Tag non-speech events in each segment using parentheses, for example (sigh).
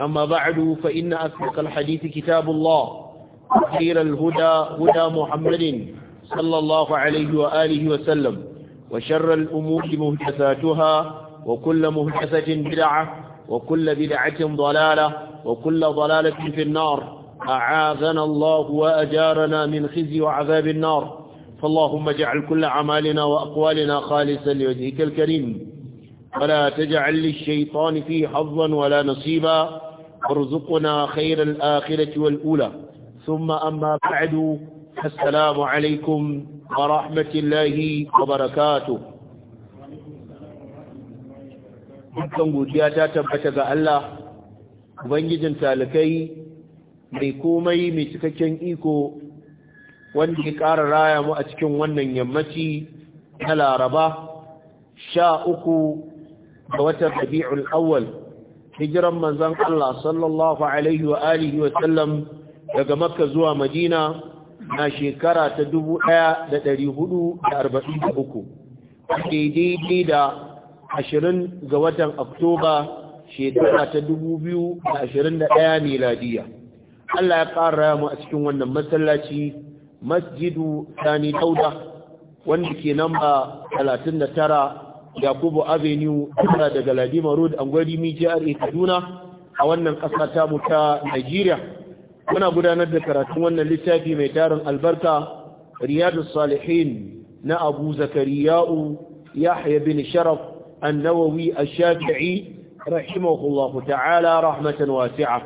أما بعد فإن أصدق الحديث كتاب الله خير الهدى هدى محمد صلى الله عليه وآله وسلم وشر الأمور مهدثاتها وكل مهدثة بدعة وكل بدعة ضلالة وكل ضلالة في النار أعاذنا الله وأجارنا من خزي وعذاب النار فاللهم اجعل كل عمالنا وأقوالنا خالصا لوجهك الكريم ولا تجعل للشيطان فيه حظا ولا نصيبا وارزقنا خير الآخرة والأولى ثم أما بعد السلام عليكم ورحمة الله وبركاته dukkan godiya ta tabbata ga Allah ubangijin talakai mai komai mai cikakken iko wanda ya ƙara raya mu a cikin wannan yammaci ta laraba sha uku Ga watan rabi'ul awwal hijiran manzon Allah sallallahu alaihi wa alihi wa sallam daga makka zuwa madina na shekara ta 1443 daidai da 20 ga watan oktoba shekara ta 2021 miladiya Allah ya ƙara mu a cikin wannan masallaci masjidu sani dauda wanda ke namba 39 yakubu avenue tana daga ladima road angwari mi jihar kaduna a wannan ƙasa ta mu ta nigeria muna gudanar da karatun wannan littafi mai tarin albarka riyadu salihin na abu zakariya'u yahya bin sharaf annawawi ash-shafi'i rahimahullahu ta'ala rahmatan wasi'a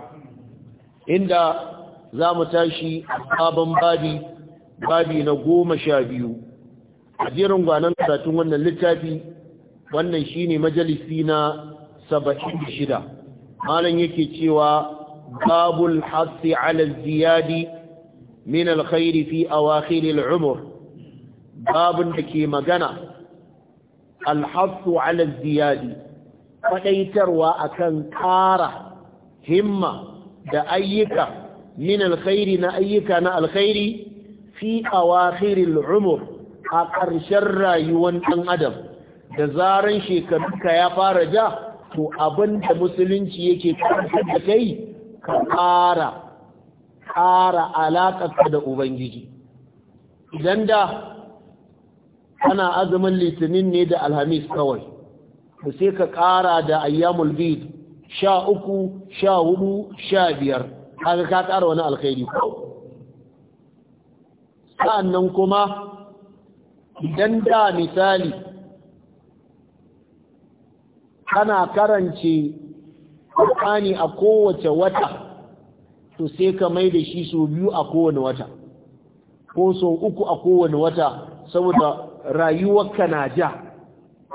inda za mu tashi sabon babi babi na goma sha biyu a jerin gwanon karatun wannan littafi wannan shine majalisi na shida. malam yake cewa babul hasi ala ziyadi min alkhairi fi awakhir umur, babun da ke magana alhasu ala ziyadi fadaitarwa akan ƙara, himma da ayyuka min alkhairi na ayyuka na alkhairi fi awakhir umur a ƙarshen rayuwar ɗan adam da zaran ka ya fara ja to abin da musulunci yake karanta da kai ka ƙara ƙara alaƙarka da ubangiji idan da ana azumin litinin ne da alhamis kawai to sai ka ƙara da ayyamul bid sha uku sha hudu sha biyar haka ka ƙara wani alkhairi sa'annan kuma idan da misali kana karance Qur'ani a kowace wata to sai ka mai da shi so biyu a kowane wata ko sau uku a kowane wata saboda rayuwarka na ja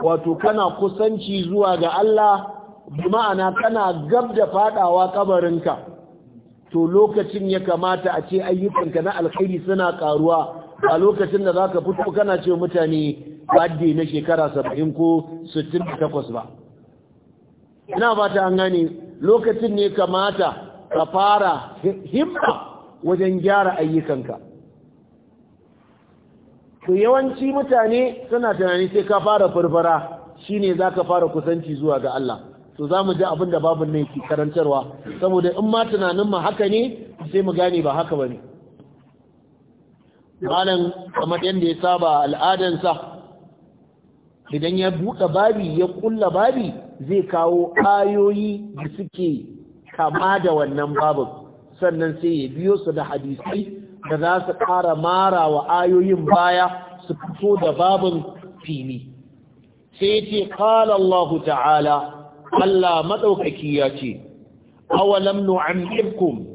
wato kana kusanci zuwa ga Allah bi ma'ana kana gab da faɗawa kabarinka to lokacin ya kamata a ce ayyukanka na alkhairi suna karuwa a lokacin da za zaka fito kana ce mutane badde na shekara 70 ko 68 ba ina ba ta an gane lokacin ne kamata ka fara himma wajen gyara ayyukanka to yawanci mutane suna tunani sai ka fara farfara shine za ka fara kusanci zuwa ga Allah to za mu ji abin da babu ne ke karantarwa saboda in ma tunanin mu haka ne sai mu gane ba haka ba ne malam kamar yadda ya saba al'adansa idan ya buɗe babi ya kulla babi zai kawo ayoyi da suke kama da wannan babin sannan sai ya biyo su da hadisai da za su ƙara mara wa ayoyin baya su fito da babin fili sai ce kala ta'ala Allah maɗaukaki ya ce awalam nu'amirkum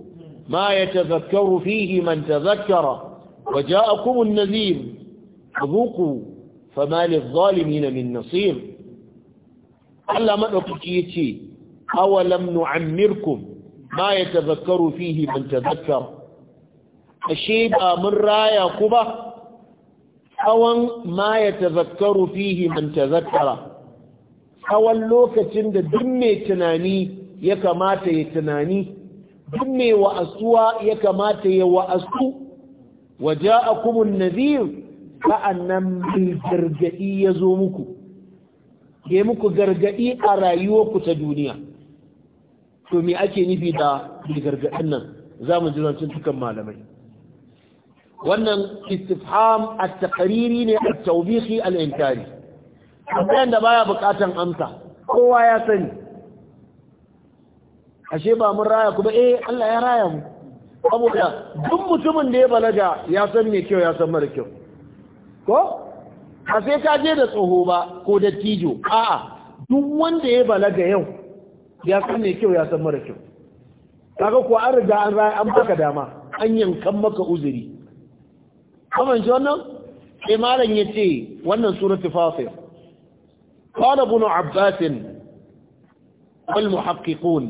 ma yatazakkaru fihi man tazakkara wa ja'akum nazir ku. fama na min nasir Allah madaukaki yace awalam nu'ammirkum ma yatazakkaru fihi man tazakkar ashe ba mun raya ku ba tsawon ma yatazakkaru fihi man tazakkara tsawon lokacin da duk mai tunani ya kamata ya tunani duk mai wa'asuwa ya kamata ya wa'asu waja'akumun nadhir ba'annan mai gargadi ya zo muku ke muku gargaɗi a rayuwarku ta duniya to me ake nufi da mai gargadin nan za mu ji zancen dukan malamai wannan istifham at-taqriri ne a tawbihi al-inkari tambayan da baya bukatan amsa kowa ya sani ashe ba mun raya kuma eh Allah ya raya mu saboda duk mutumin da ya balaga ya san me kyau ya san mara kyau ko Ka sai ka je da tsoho ba ko dattijo a'a duk wanda ya balaga yau ya san mai kyau ya san mara kyau kaga ko an riga an raya an baka dama an yankan maka uzuri kaman ji wannan sai malam ya ce wannan suratul fasil qala ibn abbas wal muhaqqiqun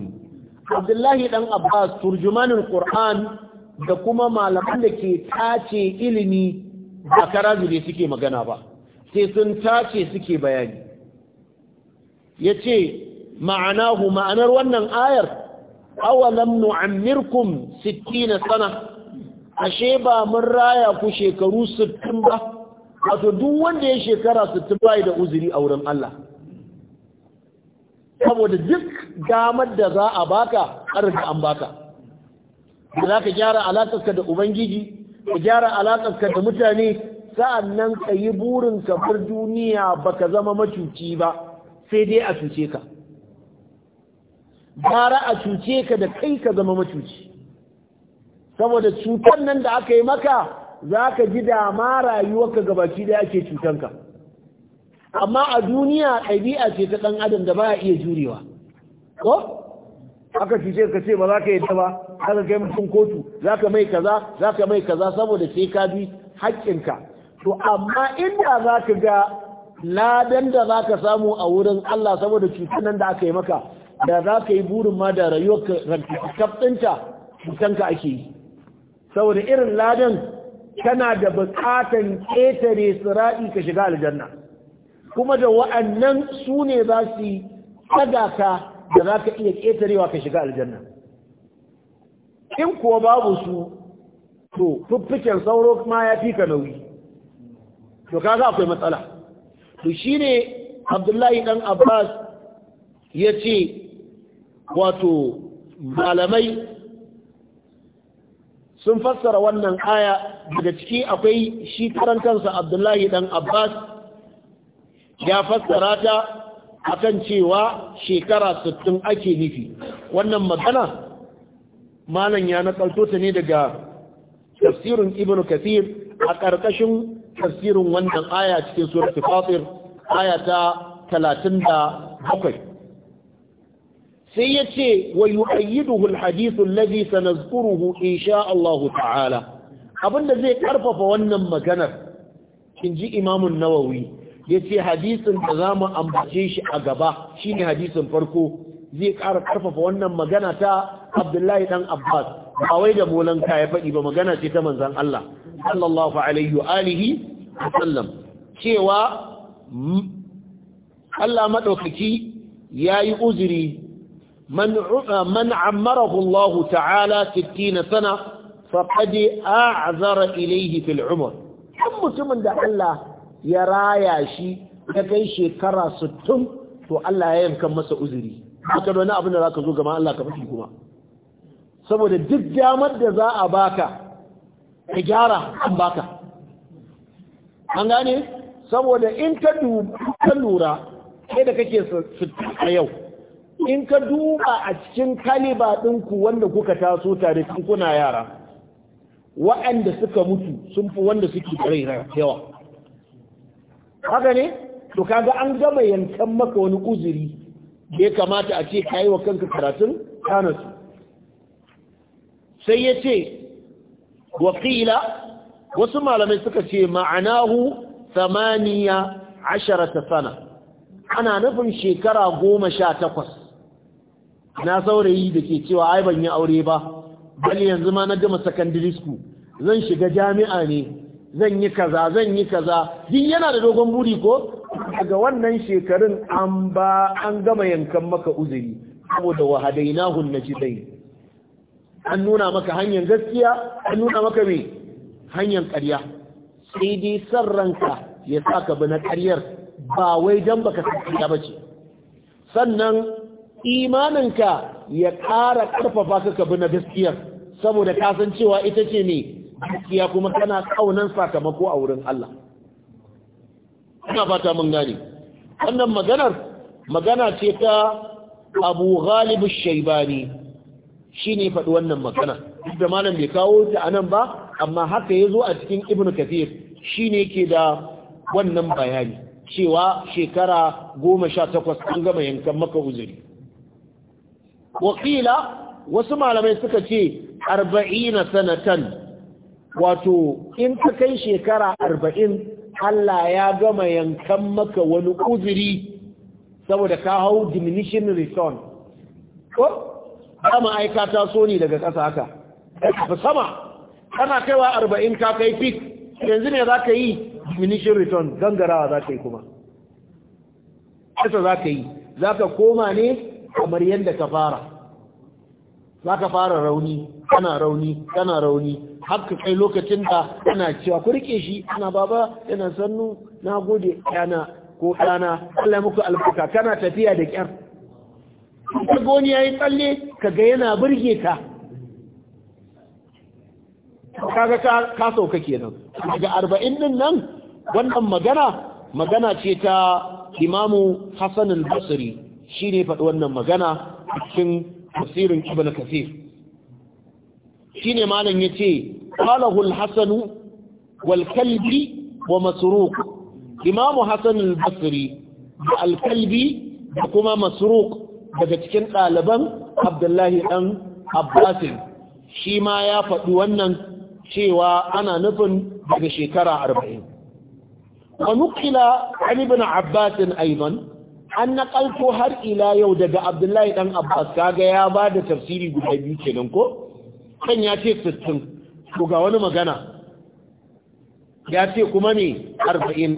abdullahi dan abbas turjumanul qur'an da kuma malaman da ke tace ilimi ba kara ne suke magana ba sai sun tace suke bayani ya ce ma'anahu ma'anar wannan ayar awalam nu'ammirkum 60 sana ashe ba mun raya ku shekaru 60 ba wato duk wanda ya shekara 60 bai da uzuri a wurin Allah saboda duk damar da za a baka har da an baka da za ka gyara alakarka da ubangiji ka gyara alaƙarka da mutane sa'annan ka yi burin ka bar duniya baka zama macuci ba sai dai a cuce ka gara a cuce ka da kai ka zama macuci saboda cutar nan da aka yi maka za ka ji dama rayuwarka gabaki da ake cutanka amma a duniya ɗabi'a ce ta ɗan adam da ba a iya jurewa ko? aka cuce ka ce ba za ka yadda ba aka kai mutum kotu za ka mai kaza za ka mai kaza saboda sai ka bi haƙƙinka to amma inda za ka ga ladan da za ka samu a wurin Allah saboda cutar nan da aka yi maka da za ka yi burin ma da rayuwar kaftinta cutanka ake yi saboda irin ladan kana da buƙatan ƙetare sira'i ka shiga aljanna kuma da wa'annan su ne za su yi ka. da za ka iya ƙetarewa ka shiga aljanna in kuwa babu su to fuffiken sauro ma ya fi ka nauyi to kaga akwai matsala to shi ne abdullahi ɗan abbas ya ce wato malamai sun fassara wannan aya daga ciki akwai shi karan kansa abdullahi ɗan abbas ya fassara ta akan cewa shekara 60 ake nufi wannan magana malam ya nakalto ta ne daga tafsirin ibnu kathir a ƙarƙashin tafsirin wannan aya cikin suratul fatir aya ta 37 sai ya ce wa yu'ayyiduhu alhadithu alladhi sanazkuruhu insha Allah ta'ala abinda zai karfafa wannan maganar inji Imam nawawi ya ce hadisin da za mu ambace shi a gaba shi ne hadisin farko zai ƙara ƙarfafa wannan magana ta abdullahi ɗan abbas ba wai da molan kaya faɗi ba magana ce ta manzan Allah sallallahu alaihi alihi wasallam cewa Allah maɗaukaki ya yi uzuri man ammarahu Allah ta'ala 60 sana faqad a'zara ilayhi fil umr kan mutumin da Allah ya raya shi ya kai shekara 60 to Allah ya yanka masa uzuri haka wani abin da zaka zo gaban Allah ka faɗi kuma saboda duk damar da za a baka ka gyara an baka an gane saboda in ka lura kai da kake a yau in ka duba a cikin kaliba ɗinku wanda kuka taso tare kuna yara wa'anda suka mutu sun fi wanda suke ɗari rai yawa haka ne to kaga an gama yankan maka wani uzuri da ya kamata a ce kayi wa kanka karatun kanasu sai ya ce wakila wasu malamai suka ce ma'anahu samaniya asharata sana ana nufin shekara goma sha takwas na saurayi da ke cewa ai ban yi aure ba bali yanzu ma na gama sakandiri school zan shiga jami'a ne zan yi kaza zan yi kaza duk yana da dogon buri ko daga wannan shekarun an ba an gama yankan maka uzuri saboda wahadainahu najidai an nuna maka hanyar gaskiya an nuna maka me hanyar ƙarya sai dai san ranka ya saka bi na ƙaryar ba wai dan baka san ƙarya bace sannan imaninka ya ƙara ƙarfafa ka ka bi na gaskiyar saboda ka san cewa ita ce ne gaskiya kuma kana kaunan sakamako a wurin Allah ina fata mun gane wannan maganar magana ce ta Abu Ghalib Shaybani shine faɗi wannan magana duk da malam bai kawo ta anan ba amma haka yazo a cikin Ibn Kathir shine ke da wannan bayani cewa shekara goma sha takwas an gama yankan maka uzuri wakila wasu malamai suka ce arba'ina sanatan wato in ka kai shekara arba'in Allah ya gama yankan maka wani uzuri saboda ka hau diminishin return ko dama aika ta so ne daga ƙasa haka ba sama kana kaiwa arba'in ka kai fit yanzu ne za ka yi diminishin return gangarawa za ka yi kuma ƙasa za ka yi za ka koma ne kamar yadda ka fara za ka fara rauni kana rauni kana rauni har ka kai lokacin da ana cewa ku rike shi ana baba yana sannu na gode yana ko ɗana Allah muku albarka kana tafiya da kyar ka goni yayi tsalle ka ga yana burge ka kaga ka ka sauka kenan daga arba'in din nan wannan magana magana ce ta Imamu hasan al-Basri shine faɗi wannan magana cikin basirin ibn kasir shine malam yace qalahu al-hasan wal kalbi wa masruq imam hasan al-basri da al-kalbi da kuma masruq daga cikin ɗaliban abdullahi dan abbasin shi ma ya faɗi wannan cewa ana nufin daga shekara arba'in. wa nukila an ibn abbasin aiban an naƙalto har ila yau daga abdullahi ɗan abbas kaga ya ba da tafsiri guda biyu kenan ko kan ya ce sittin to ga wani magana ya ce kuma ne arba'in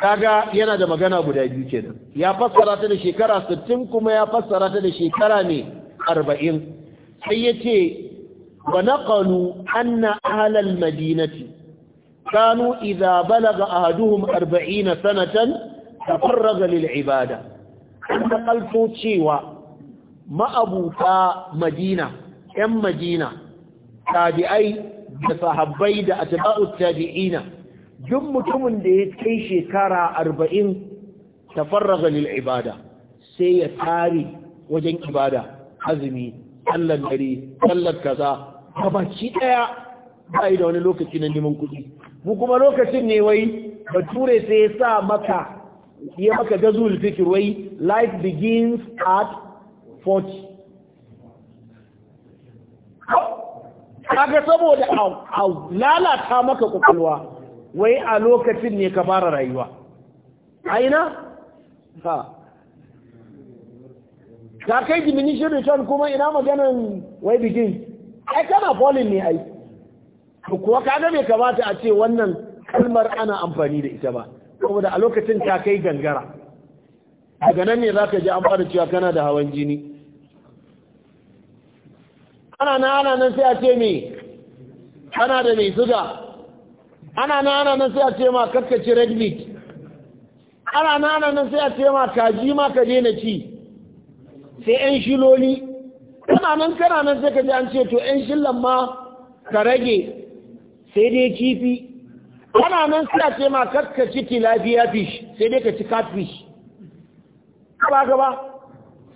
kaga yana da magana guda biyu kenan ya fassara ta da shekara sittin kuma ya fassara ta da shekara ne arba'in sai ya ce wa naƙalu anna ahlal madinati كانوا إذا بلغ أهدهم أربعين سنة تفرغ للعبادة انتقلتوا تشيوا ما أبوتا مدينة أم مدينة تابعي بصحبي دا أتباع التابعين جمتم دي كي شكرا أربعين تفرغ للعبادة سيتاري وجن عبادة عزمي sallar dare sallar kaza gabaci daya ba da wani lokaci na neman kuɗi mu kuma lokacin ne wai ba ture sai ya sa maka ya maka gazul fikir wai life begins at 40 kaga saboda a lalata maka kwakwalwa wai a lokacin ne ka fara rayuwa aina ha ka kai diminishin return kuma ina maganan wai begins ai kana falling ne ai to kuwa kaga bai kamata a ce wannan kalmar ana amfani da ita ba saboda a lokacin ta kai gangara daga nan ne zaka ji an fara cewa kana da hawan jini ana na ana nan sai a ce me kana da mai suga ana na ana nan sai a ce ma kakkaci red meat ana na ana nan sai a ce ma kaji ma ka daina ci sai yan shiloli kana nan kana nan sai ka ji an ce to yan shillan ma ka rage sai dai kifi ana nan suna ce ma kakka ciki lafiya fish sai dai ka ci catfish Gaba-gaba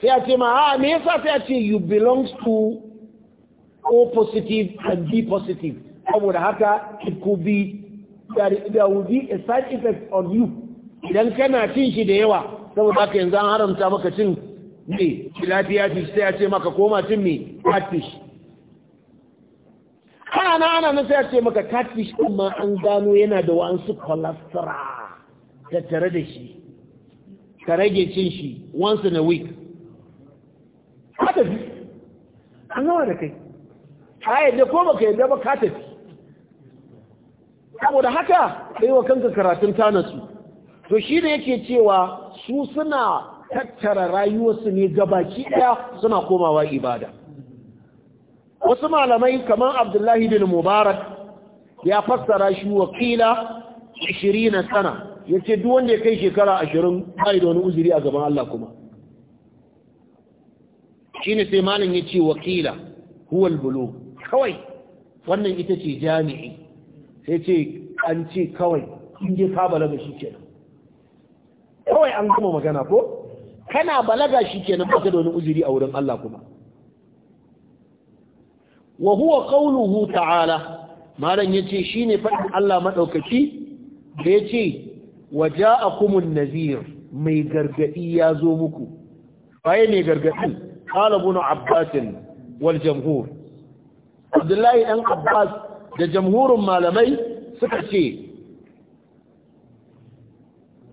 sai a ce ma a ah, me yasa sai a ce you belong to o positive and b positive saboda haka it could be there will be a side effect on you idan kana cin shi da yawa saboda haka yanzu an haramta maka cin me lafiya fish sai a ce maka koma cin me catfish kana na ana nan sai a ce maka catfish din ma an gano yana da wa'ansu cholesterol tattare da shi ka rage cin shi once in a week hatafi an gawa da kai a yadda ko baka yadda ba ka tafi saboda haka kai wa kanka karatun su to shi da yake cewa su suna tattara rayuwarsu ne gabaki ɗaya suna komawa ibada wasu malamai kamar abdullahi bin mubarak ya fassara shi wa kila 20 sana Ya ce duk wanda ya kai shekara 20 bai da wani uzuri a gaban Allah kuma ne sai ya ce wa kila huwal bulu? kawai wannan ita ce jami'i sai ce an ce kawai in je ka balaga shi kenan kawai an gama magana ko kana balaga shi kenan baka da wani uzuri a wurin Allah kuma wa huwa qawluhu ta'ala malan yace shine fadin Allah madaukaki da yace waja'akumun nazir mai gargadi ya zo muku waye mai gargadi qala ibn abbas wal jamhur abdullahi dan abbas da jamhurin malamai suka ce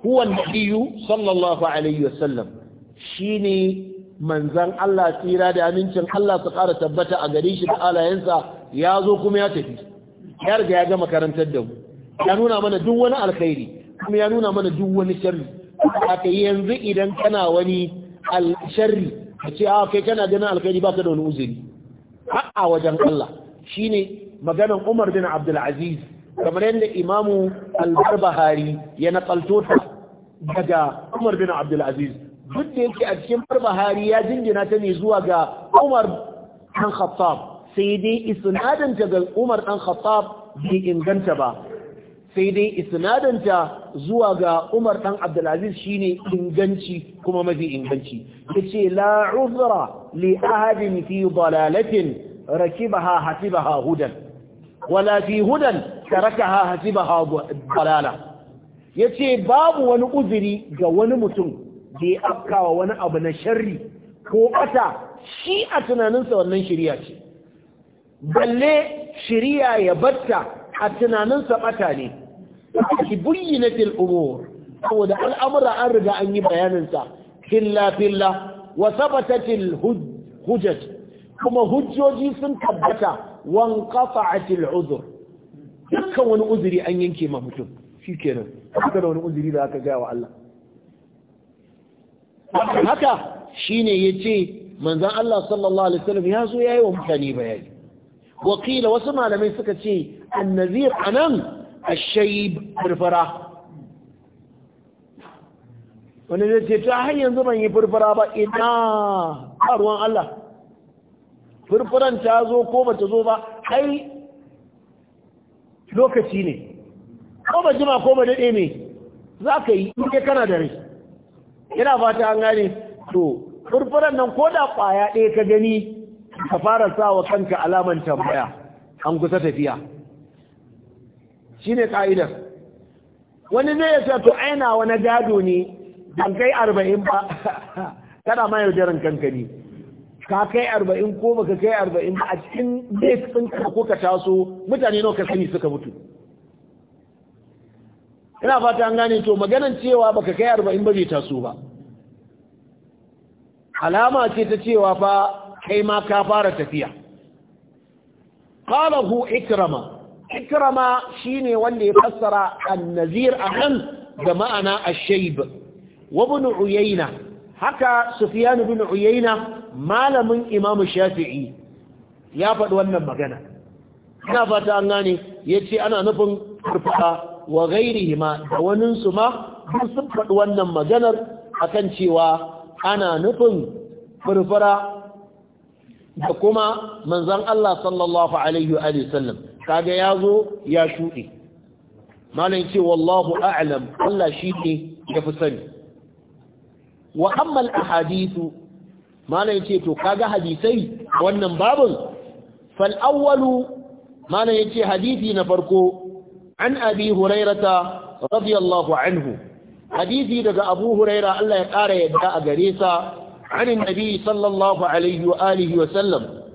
huwa nabiyyu sallallahu alaihi wasallam shine manzan Allah tsira da amincin Allah su ƙara tabbata a garin shi da alayensa ya zo kuma ya tafi ya riga ya ga makarantar da mu ya nuna mana duk wani alkhairi kuma ya nuna mana duk wani sharri haka yanzu idan kana wani sharri a ce a ah, kai kana ganin alkhairi baka da wani uzuri a wajen Allah shine maganan Umar bin Abdul Aziz kamar yadda Imamu Al-Barbahari ya nakalto ta daga Umar bin Abdul Aziz duk da yake a cikin Buhari ya jingina ta ne zuwa ga Umar dan Khattab sai dai isnadin ga Umar dan Khattab bai inganta ba sai dai isnadin zuwa ga Umar dan Abdulaziz shine inganci kuma mafi inganci yace la uzra li ahadin fi dalalatin rakibaha hasibaha hudan wala fi hudan tarakaha hasibaha dalala yace babu wani uzuri ga wani mutum da ya afkawa wani abu na sharri ko ata shi a tunaninsa wannan shirya ce balle shirya ya batta a tunaninsa bata ne ki buyyana fil umur saboda al'amura an riga an yi bayaninsa filla filla wa sabatatil hujjat kuma hujjoji sun tabbata wan qata'atil uzur dukkan wani uzuri an yanke ma mutum kenan kada wani uzuri da aka gaya wa Allah haka shine yace manzon Allah sallallahu alaihi wasallam ya zo yayi wa mutane bayani wakila wasu malamai suka ce annazir anan ashayib furfara wani zai ce ta har yanzu ban yi furfura ba ina a ruwan Allah furfuran ta zo ko ba ta zo ba Kai lokaci ne ko ba jima ko ba daɗe ne za ka yi inda kana da rai yana fata an gane to furfuran nan ko da kwaya ɗaya ka gani ka fara sa wa kanka alaman tambaya an kusa tafiya shine ka'idar wani zai ya sa to aina wani gado ne ban kai arba'in ba (laughs) kada ma yaudaran kanka ne ka kai arba'in ko baka kai arba'in ba a cikin base ɗin ka ko ka taso mutane nawa ka sani suka mutu ina fata an gane to maganan cewa baka kai arba'in ba zai taso ba alama ce ta cewa fa kai ma ka fara tafiya qalahu ikrama ikrama shine wanda ya fassara annazir nazir da ma'ana ash-shayb wa ibn uyayna haka sufyan ibn uyayna malamin imam shafi'i ya faɗi wannan magana ina fata an gane yace ana nufin kurfa wa ma da wani su ma duk sun faɗi wannan maganar akan cewa ana nufin furfura da kuma manzon Allah sallallahu alaihi wa sallam kaga yazo ya shuɗe malam ce wallahu a'lam Allah shi ne ya fi sani wa amma al-ahadithu malam ce to kaga hadisai wannan babun fal awwalu malam ce hadisi na farko an abi hurairata radiyallahu anhu hadisi daga abu huraira Allah ya ƙara yadda a gare sa an annabi sallallahu alaihi wa alihi wa sallam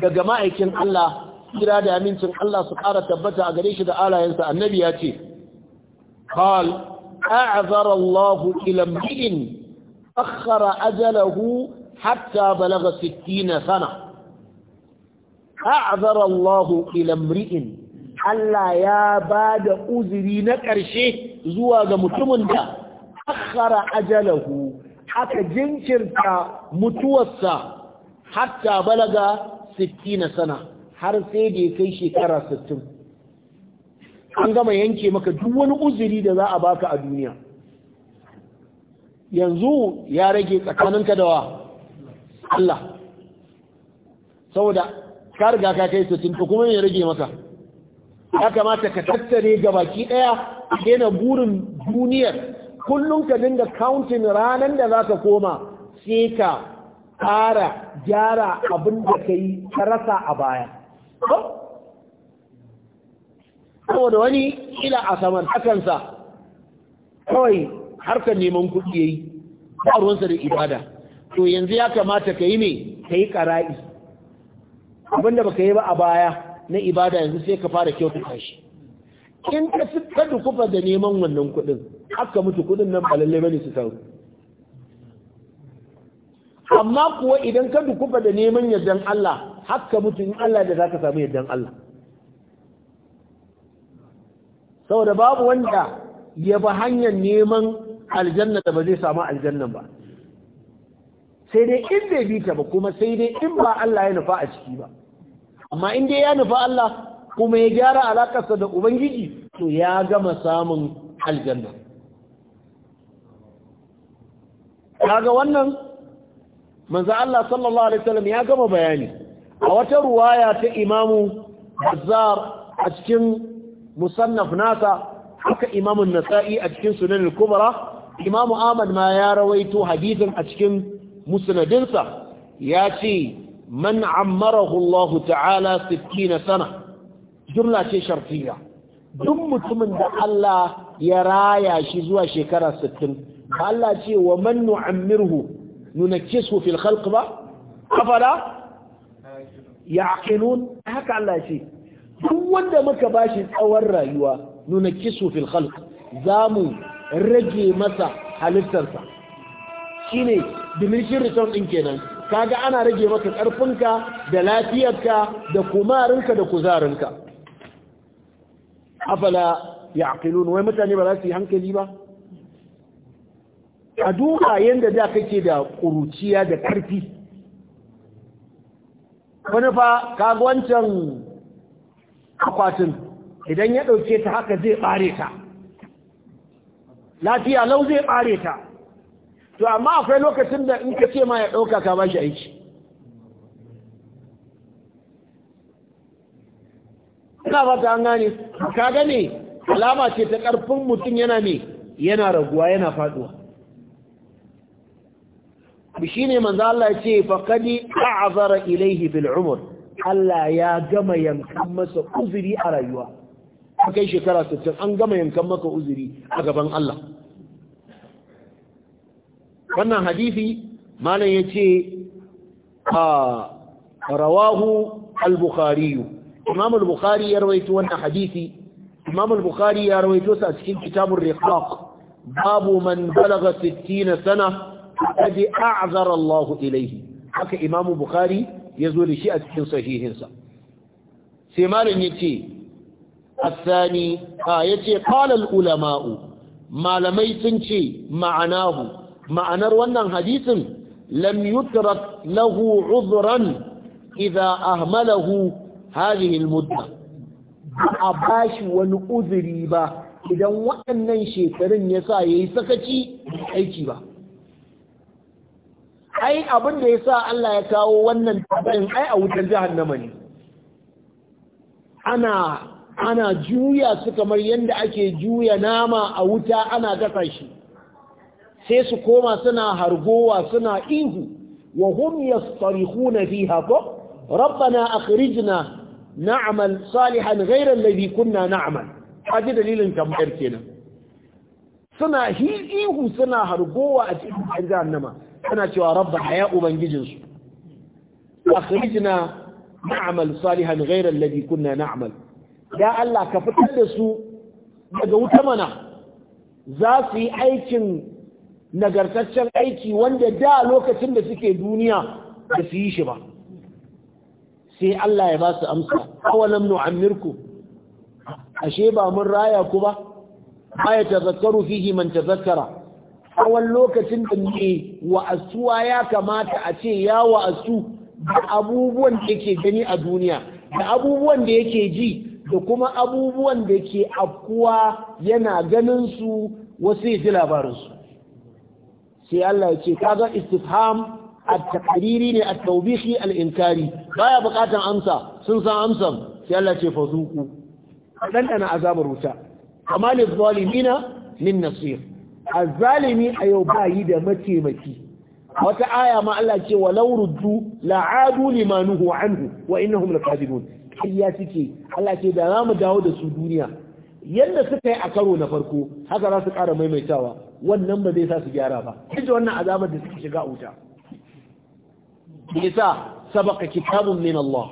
daga ma'aikin Allah kira da amincin Allah su ƙara tabbata a gare shi da alayensa annabi ya ce qal a'zara Allah ila mri'in akhara ajalahu hatta balaga 60 sana a'zara Allah ila mri'in Allah ya ba da uzuri na ƙarshe zuwa ga mutumin da akhara ajalahu aka jinkirta mutuwarsa hatta balaga 60 sana har sai da ya kai shekara 60 an gama yanke maka duk wani uzuri da za a baka a duniya yanzu ya rage tsakaninka da wa Allah saboda ka riga ka kai 60 kuma ya rage maka ya kamata ka tattare ga baki ɗaya daina burin duniyar kullum ka dinga kauntin ranar da za ka koma sai ka ƙara gyara abin da ka yi ka rasa a baya saboda wani ila a samar hakansa kawai harkar neman kuɗi ya yi ba ruwansa da ibada to yanzu ya kamata ka yi ne ka yi ƙara'i abinda ba ka yi ba a baya na ibada yanzu sai ka fara kyautu shi in ka ka dukufa da neman wannan kuɗin haka mutu kuɗin nan ba bane su taru amma kuwa idan ka dukufa da neman yardan Allah haka mutu in Allah da zaka samu yardan Allah saboda babu wanda ya ba hanyar neman aljanna da ba zai samu aljannan ba sai dai in bai bi ta ba kuma sai dai in ba Allah ya nufa a ciki ba amma in dai ya nufa Allah kuma ya gyara alakarsa da ubangiji to ya gama samun aljanna kaga wannan manzo Allah sallallahu alaihi wasallam ya gama bayani a wata ruwaya ta imamu Bazzar a cikin musannaf nasa haka imamun Nasa'i a cikin Sunan al-Kubra imamu Ahmad ma ya rawaito hadisin a cikin musnadinsa ya ce man ammarahu Allah ta'ala 60 sana jumla ce duk mutumin da Allah ya raya shi zuwa shekara 60 Allah ce wa man nu'ammirhu nunakkisuhu fil khalq ba afala ya'qilun haka Allah ce duk wanda muka bashi tsawon rayuwa nunakkisuhu fil khalq zamu rage masa halittarsa shine diminishing return din kenan kaga ana rage maka ƙarfinka da lafiyarka da kumarinka da kuzarinka afala ya'qilun wai mutane ba za su yi hankali ba a duba yanda da kake da kuruciya da karfi wani fa kaga wancan akwatin idan ya ɗauke ta haka zai ɓare ta lafiya lau zai ɓare ta to amma akwai lokacin da in ka ce ma ya ɗauka ka ba shi aiki ina ba ta gane ka gane alama ce ta ƙarfin mutum yana ne yana raguwa yana faduwa shi ne manzo Allah ce faqadi a'zara ilaihi bil umr Allah ya gama yankan masa uzuri a rayuwa kai shekara 60 an gama yankan maka uzuri a gaban Allah wannan hadisi malam ya ce a rawahu al-bukhari imam al-bukhari ya rawaito wannan hadisi imam al-bukhari ya rawaito sa a cikin kitabun riqaq babu man balagha 60 sana qad a'zara Allah ilayhi haka imam bukhari yazo da shi a cikin sahihinsa sai malam yace الثاني آية قال malamai ما ce معناه ma'anar wannan hadisin lam yutrak lahu udhran idza ahmalahu hadhihi almudda a bashi wani uzuri ba idan waɗannan shekarun yasa sa ya yi sakaci aiki ba ai abin da ya sa Allah ya kawo wannan tabayin ai a wutar jahannama ne ana ana juya su kamar yadda ake juya nama a wuta ana gasa shi sai su koma suna hargowa suna ihu wa hum yastarihuna fiha ko rabbana akhrijna na'mal salihan ghayra alladhi kunna na'mal haji dalilin tambayar kenan suna hi ihu suna hargowa a cikin jahannama suna cewa rabbana ya ubangijinsu akhrijna na'mal salihan ghayra alladhi kunna na'mal ya Allah ka fitar da su daga wuta mana za su yi aikin nagartaccen aiki wanda da lokacin da suke duniya da su yi shi ba sai Allah ya ba su amsa awalam nu'ammirku ashe ba mun raya ku ba ba ya tazakkaru fihi man tazakkara awan lokacin da ne wa'asuwa ya kamata a ce ya wa'asu da abubuwan da yake gani a duniya da abubuwan da yake ji da kuma abubuwan da ke afkuwa yana ganin su wasu ya ji labarinsu sai Allah ya ce kaga istifham at-taqriri ne at-tawbihi al-inkari baya bukatan amsa sun san amsan sai Allah ya ce fazuku dan dana azabar wuta amma lil zalimina min nasir az-zalimi ayo bayi da mataimaki wata aya ma Allah ce walau ruddu la'adu limanuhu anhu wa innahum lakadibun kiyya suke Allah ce da zamu dawo da su duniya yadda suka yi a karo na farko haka za su ƙara maimaitawa wannan ba zai sa su gyara ba duk wannan azabar da suke shiga wuta bisa sabaka kitabun min Allah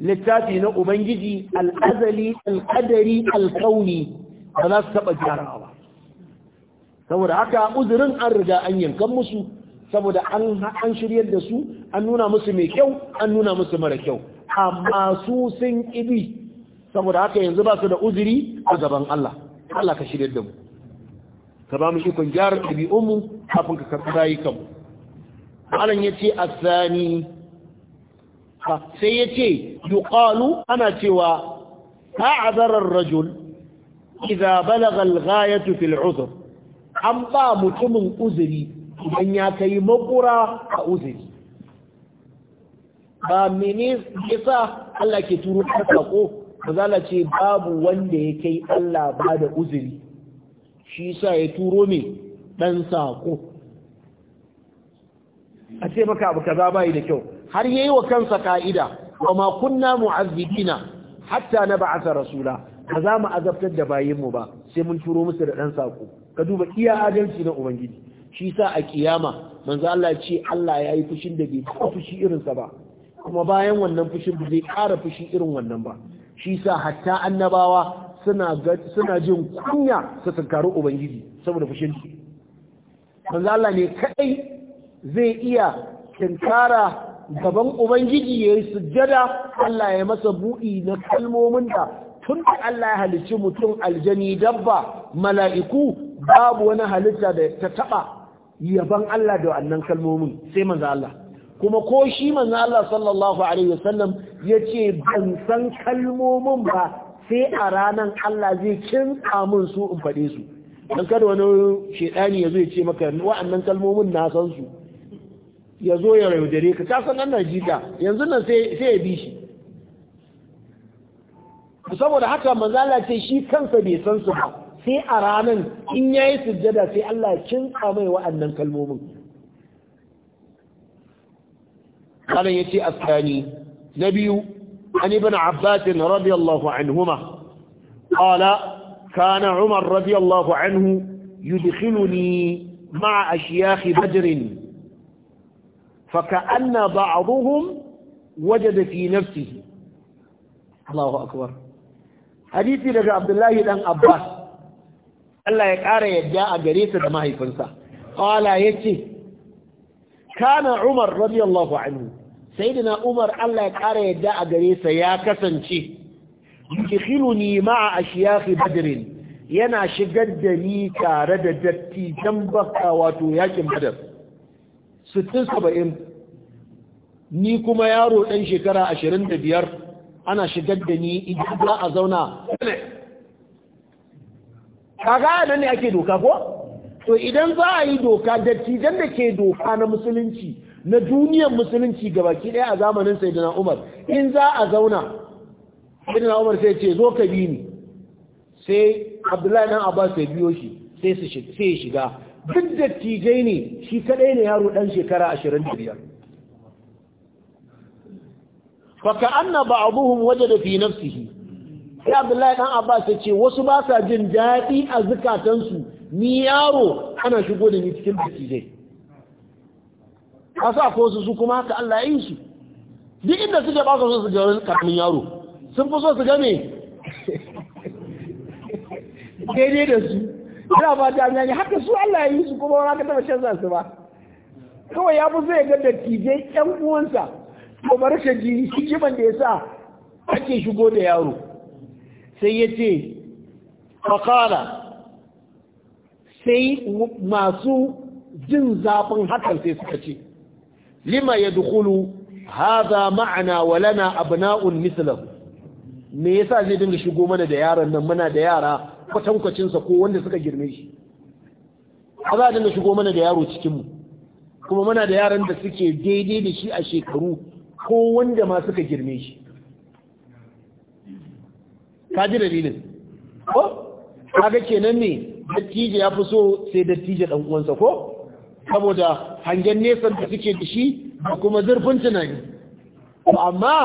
littafi na ubangiji al'azali al'adari alkauni ba za su taba gyara ba saboda haka uzurin an riga an yankan musu saboda an shiryar da su an nuna musu mai kyau an nuna musu mara kyau amma su sun ƙibi saboda haka yanzu ba su da uzuri a gaban Allah Allah ka shiryar da mu ka ba mu ikon gyara ɗabi'unmu kafin ka karɓi rayukanmu malam ya ce a sani sai ya ce yuƙalu ana cewa ta azarar rajul iza balagal gayatu fil uzur an ba mutumin uzuri idan ya kai makura a uzuri ba mene isa Allah ke turo ta sako ba ce babu wanda ya kai Allah ba da uzuri shi sa ya turo mai ɗan saƙo a ce maka abu kaza yi da kyau har ya yi wa kansa ka'ida wa ma kunna na. hatta na ba’asa rasula ba za mu azabtar da bayanmu ba sai mun turo musu da ɗan saƙo ka duba iya adalci na ubangiji shi sa a ƙiyama, manzo Allah ce Allah ya yi fushin da bai taɓa fushi irinsa ba kuma bayan wannan fushin ba zai ƙara fushi irin wannan ba shi sa hatta annabawa suna jin kunya su tunkari ubangiji saboda fushin shi Allah ne kadai zai iya kinkara gaban ubangiji yayi sujjada Allah ya masa bu'i na kalmomin da tun da Allah ya halicci mutum aljani dabba mala'iku babu wani halitta da ta taba yaban Allah da wannan kalmomin sai manzo Allah kuma ko shi manzo Allah sallallahu alaihi wasallam yace ban san kalmomin ba sai a ranan Allah zai kinta min su in faɗe su dan kada wani shedani ya zo ya ce maka wa'annan kalmomin na san su ya zo ya raudare ka ka san Allah yanzu nan sai ya bi shi saboda haka manzala ce shi kansa bai san su ba sai a ranan in yayi sujjada sai Allah kinta mai wa'annan kalmomin kana yace asani na biyu عن ابن عباس رضي الله عنهما قال كان عمر رضي الله عنه يدخلني مع أشياخ بدر فكأن بعضهم وجد في نفسه الله أكبر حديثي لك عبد الله بن عباس الله يقار يجاء جريسة ما هي فنسا قال يتي كان عمر رضي الله عنه sayyidina Umar Allah ya ƙara yadda a gare sa ya kasance yukhiluni ma'a ashiyakh badr yana shigar da ni tare da datti dan baka wato yakin badar 60 ni kuma yaro dan shekara 25 ana shigar da ni idan za a zauna kaga nan ne ake doka ko to idan za a yi doka datti dan da ke doka na musulunci na duniyar musulunci gabaki ɗaya a zamanin da Umar in za a zauna da Umar sai ce zo ka bi ni sai Abdullahi dan Abbas sai biyo shi sai su shiga duk dattijai ne shi kadai ne yaro dan shekara 25 fa ka'anna ba'dhum wajada fi nafsihi sai Abdullahi dan Abbas ya ce wasu ba sa jin daɗi a zukatansu ni yaro ana shigo da ni cikin dattijai Asa sa ko su kuma haka Allah ya yi su duk inda suke ba su so su ga wani karamin yaro sun fi so su ga me (laughs) daidai da su ina ba ta ne haka su Allah ya yi su kuma wani aka taba canza su ba kawai ya fi zai ga tije yan uwansa to bari ka ji kiban da ya sa ake shigo da yaro sai ya ce fakala sai masu jin zafin hakan sai suka ce lima yadkhulu haza ma'ana wa lana abna'un mithluhu me yasa zai dinga shigo mana da yaran nan muna da yara kwatankwacinsa sa ko wanda suka girme shi ba za a dinga shigo mana da yaro cikin mu kuma muna da yaran da suke daidai da shi a shekaru ko wanda ma suka girme shi ka ji dalilin ko kaga kenan ne dattijo ya fi so sai dattijo dan uwansa ko saboda hangen nesa da suke da shi da kuma zurfin tunani amma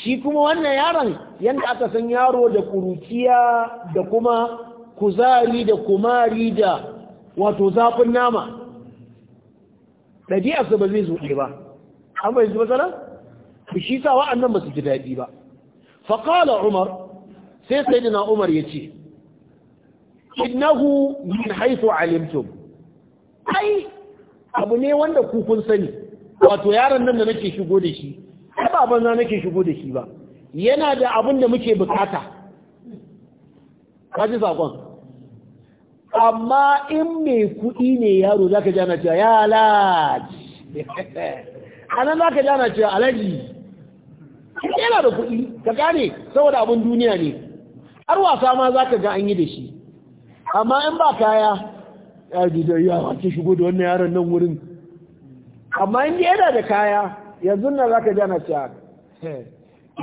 shi kuma wannan yaron yadda aka san yaro da kurukiya da kuma kuzari da kumari da wato zafin nama ɗabi'arsa ba zai zuɗe ba an bai zuwa tsara? shi sa wa'annan ba su ji daɗi ba faƙala umar sai sai na umar ya ce innahu min haifu alimtum ai abu ne wanda ku kun sani wato yaron nan da nake shigo da shi ba banza nake shigo da shi ba yana da abin da muke bukata kaji sakon amma in mai kuɗi ne yaro zaka jana cewa ya alaji anan (laughs) za ka jana cewa alaji yana da kuɗi ka gane saboda abin duniya ne har wasa ma zaka ga an yi da shi amma in ba kaya ya ji da ya wace shigo da wannan yaron nan wurin amma in yana da kaya yanzu nan zaka ji ana cewa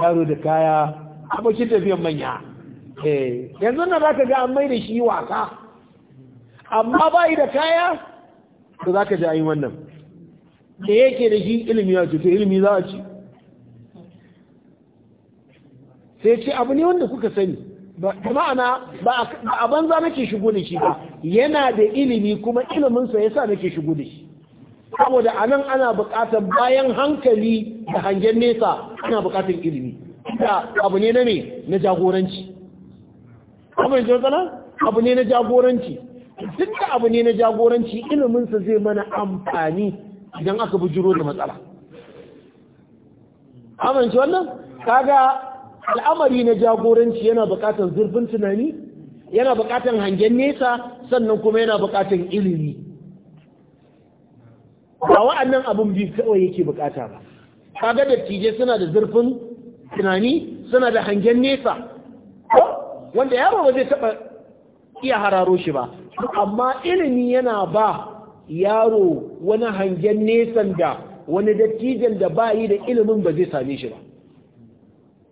yaro da kaya abokin tafiyan manya yanzu nan zaka ga an mai da shi wasa amma bai da kaya to zaka ji ayi wannan da yake da shi ilimi ya ce to ilimi za a ci sai ce abu ne wanda kuka sani ma'ana ba a banza nake shigo da shi ba yana da ilimi kuma iliminsa yasa nake shigo da shi saboda a nan ana buƙatar bayan hankali da hangen nesa ana buƙatar ilimi da abu ne na ne na jagoranci abu ne abu ne na jagoranci duk abu ne na jagoranci iliminsa zai mana amfani idan aka bujiro da matsala amince wannan kaga al'amari na jagoranci yana buƙatar zurfin tunani yana buƙatar hangen nesa sannan kuma yana buƙatar ilimi ba wa'annan abun biyu kawai yake buƙata ba kaga dattijai suna da zurfin tunani suna da hangen nesa wanda yaro ba zai taɓa iya hararo shi ba amma ilimi yana ba yaro wani hangen nesan da wani dattijan da ba yi da ilimin ba zai same shi ba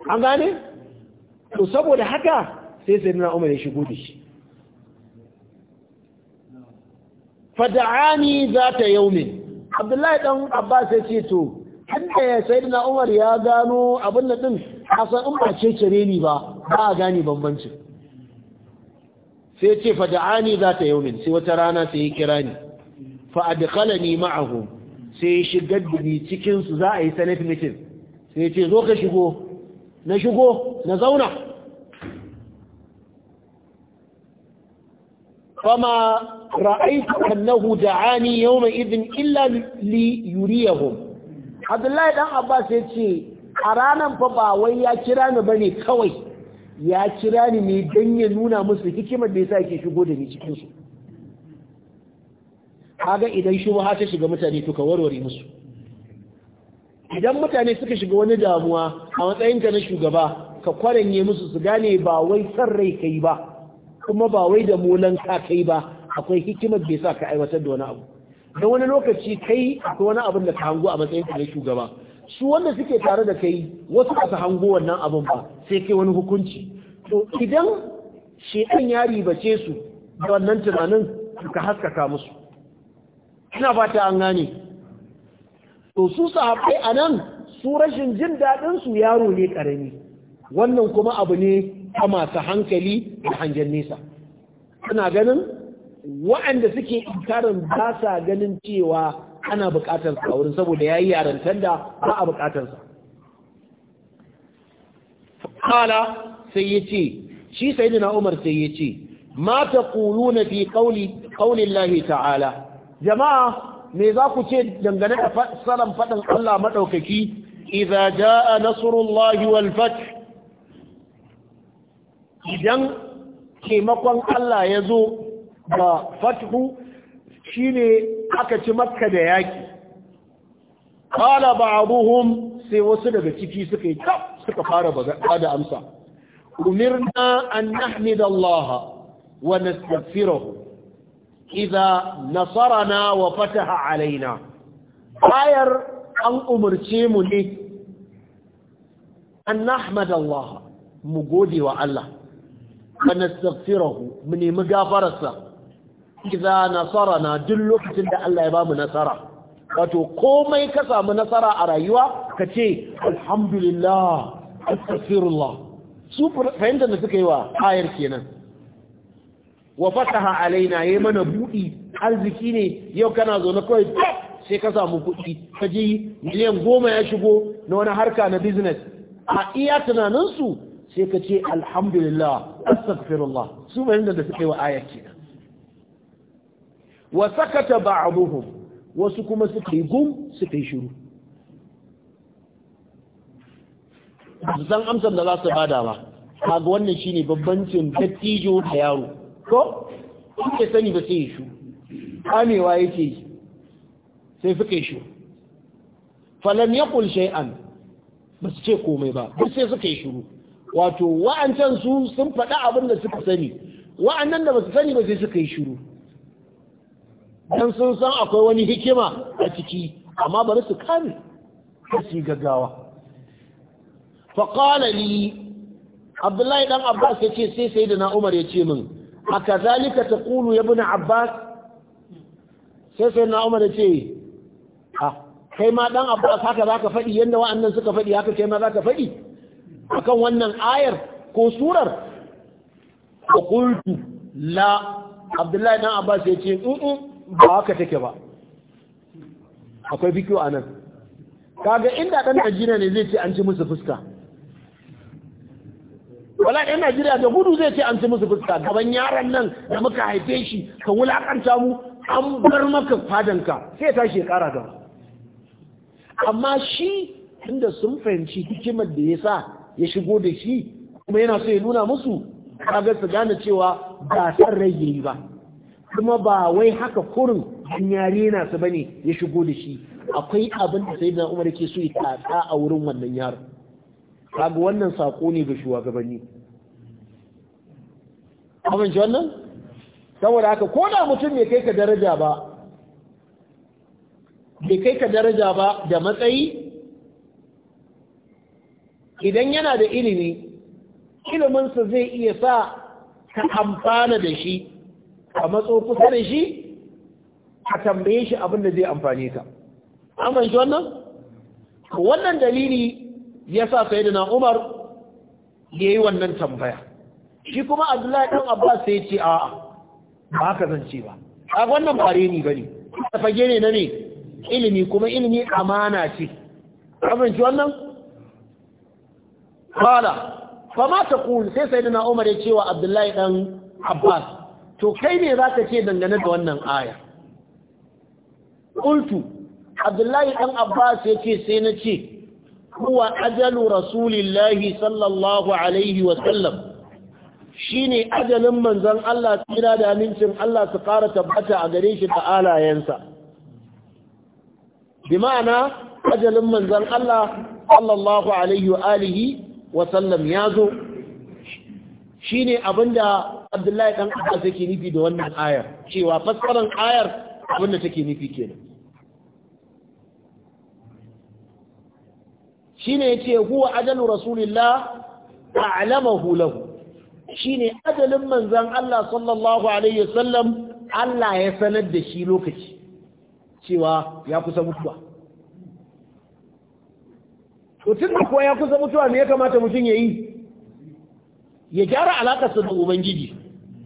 an gane to saboda haka sai sai na umar ya shigo da shi fada'ani za ta yaumin abdullahi dan abbas ya ce to hadda ya sai na umar ya gano abin da ɗin hasan in ba ce cire ni ba ba a gane bambanci sai ce fada'ani za ta yaumin sai wata rana sai ya kira ni fa'adikala ne ma'ahu sai shigar da ni cikinsu za a yi sanat mitin sai ce zo ka shigo na shigo na zauna fama ra'aitu annahu da'ani yawma idin illa li yuriyahum Abdullahi dan Abbas ya ce a ranan fa ba wai ya kira ni bane kawai ya kira ni ne dan ya nuna musu hikimar da yasa yake shigo da ni cikin su kaga idan shubha ta shiga mutane to ka warware musu idan mutane suka shiga wani damuwa a matsayinka na shugaba ka kwaranye musu su gane ba wai san rai kai ba kuma ba wai da molan ka kai ba akwai hikimar da sa ka aiwatar da wani abu da wani lokaci kai akwai wani abin da ka hango a matsayin na shugaba su wanda suke tare da kai wasu ba su hango wannan abin ba sai kai wani hukunci to idan shekan ya ribace su da wannan tunanin ka haskaka musu ina fata an gane to su sahabbai a nan su rashin jin su yaro ne ƙarami wannan kuma abu ne a masu hankali da hangen nesa suna ganin Waɗanda suke inkarin ba sa ganin cewa ana buƙatar sa wurin saboda yayi yarantar da ba a buƙatar sa kala sai yace shi sai sayyidina Umar sai yace ma taquluna fi qawli qawli Allah ta'ala jama'a me za ku ce dangane da fassaran faɗin Allah maɗaukaki idza jaa nasrullahi wal fath idan taimakon Allah ya zo da fathu shine aka ci makka da yaki qala ba'dhum sai wasu daga ciki suka yi suka fara bada amsa umirna an nahmidallaha wa nastaghfiruhu nasara nasarana wa fataha alaina ayar an umurce mu ne an nahmadallah mu gode wa Allah wa nastaghfirahu mu nemi gafararsa idza nasarana duk lokacin da Allah ya ba mu nasara wato komai ka samu nasara a rayuwa ka ce alhamdulillah astaghfirullah su fahimta da suka yi wa ayar kenan wa fataha alaina yayi mana budi arziki ne yau kana zo na kawai sai ka samu kuɗi ka miliyan goma ya shigo na wani harka na business a iya tunaninsu sai ka ce alhamdulillah astaghfirullah su bayan da suka wa ayar wa sakata ba'dhum wasu kuma suka yi gum suka yi shiru Zan amsar da za su bada ba kaga wannan shine babbancin dattijo da yaro ko in sani ba sai ya shu kamewa yake sai suka yi shu falam ya kulshe an ba su ce komai ba duk sai suka yi shuru wato wa'ancan su sun faɗa abin da suka sani wa'annan da ba su sani ba sai suka yi shuru dan sun san akwai wani hikima a ciki amma bari su kare su gaggawa qala li abdullahi dan abbas ya ce sai sai da na umar ya ce min ya أكذلك sai-sai na Umar da ce, a ah, kai ma dan Abbas haka zaka faɗi yanda wa'annan suka faɗi haka kai ma zaka faɗi akan wannan ayar ko surar wa qultu la Abdullahi dan Abbas yace u'u ba haka take ba akwai bikiyo anan kaga inda dan Najina ne zai ce an ci musu fuska wala ɗan najeriya da gudu zai ce an ci musu fuska gaban yaran nan da muka haife shi ka wulakanta mu an bar maka fadanka sai ta shi ƙara gaba amma shi inda sun fahimci hikimar da ya sa ya shigo da shi kuma yana so ya nuna musu kaga su gane cewa ba san rai yayi ba kuma ba wai haka kurin an yare na su bane ya shigo da shi akwai abin da da Umar yake so ya tsatsa a wurin wannan yaron kaga wannan sako ne ga shugabanni abin ji wannan saboda haka ko da mutum bai kai ka daraja ba bai kai ka daraja ba da matsayi idan yana da ilimi iliminsa zai iya sa ka amfana da shi a matso kusa da shi a tambaye shi abin zai amfane ka amince wannan wannan dalili ya sa sai na umar ya yi wannan tambaya shi kuma abdullahi ɗan abbas sai ce a'a ba zan zance ba a wannan fare ni ba ne ta fage ne na ne ilimi kuma ilimi amana ce abinci wannan kala ma ta kuli sai sai na umar ya ce wa abdullahi ɗan abbas to kai ne za ka ce dangane da wannan aya ƙultu abdullahi ɗan abbas ya ce sai na ce huwa ajalu rasulillahi sallallahu alaihi wasallam shi ne ajalin manzan Allah tsira da amincin Allah su ƙara tabbata a gare shi da alayensa bi ajalin manzan Allah sallallahu alaihi wa alihi ya zo shine abinda abdullahi ɗan ƙasa take nufi da wannan ayar cewa fassarar ayar abinda take nufi kenan shine yace huwa ajalu rasulillah a'lamahu lahu shine ajalin manzon Allah sallallahu alaihi wasallam Allah ya sanar da shi lokaci cewa ya kusa mutuwa to tun da kuwa ya kusa mutuwa me ya kamata mutum yayi ya gyara alakarsa da ubangiji